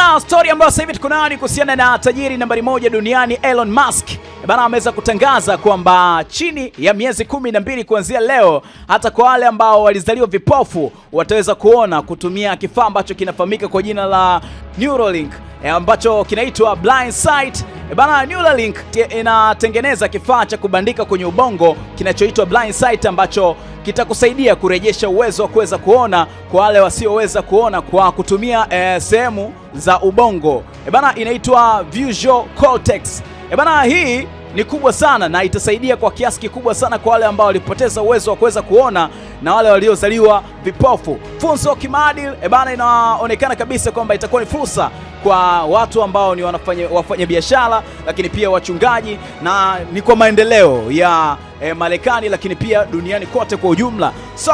Bana, story ambayo sasa hivi tuko nayo ni kuhusiana na tajiri nambari moja duniani Elon Musk. Eh, bana ameweza kutangaza kwamba chini ya miezi kumi na mbili kuanzia leo, hata kwa wale ambao walizaliwa vipofu wataweza kuona kutumia kifaa ambacho kinafahamika kwa jina la Neuralink eh, ambacho kinaitwa Blind Sight E bana, Neuralink inatengeneza kifaa cha kubandika kwenye ubongo kinachoitwa blind sight ambacho kitakusaidia kurejesha uwezo wa kuweza kuona kwa wale wasioweza kuona kwa kutumia e, sehemu za ubongo. E bana, inaitwa visual cortex. E bana, hii ni kubwa sana na itasaidia kwa kiasi kikubwa sana kwa wale ambao walipoteza uwezo wa kuweza kuona na wale waliozaliwa vipofu. Funzo kimaadili, e bana, inaonekana kabisa kwamba itakuwa ni fursa kwa watu ambao ni wanafanya, wafanya biashara lakini pia wachungaji na ni kwa maendeleo ya e, Marekani lakini pia duniani kote kwa ujumla. So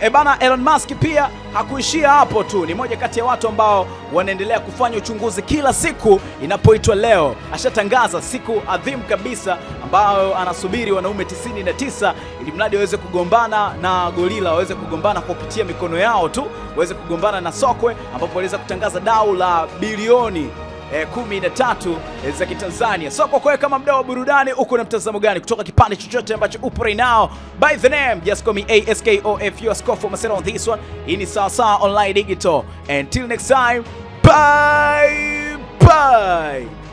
e, bana Elon Musk pia hakuishia hapo tu, ni moja kati ya watu ambao wanaendelea kufanya uchunguzi kila siku inapoitwa leo. Ashatangaza siku adhimu kabisa ambayo anasubiri wanaume 99 ili mradi waweze kugombana na gorila, waweze kugombana kupitia mikono yao tu, waweze kugombana na sokwe, ambapo waliweza kutangaza dau la bilioni e, kumi na tatu e, za Kitanzania. So kwa kweli kama mdau wa burudani, uko na mtazamo gani kutoka kipande chochote ambacho upo right now? By the name just call me ASKOFU Askofu Masera on this one. Hii ni Sawasawa Online Digital. Until next time, bye bye.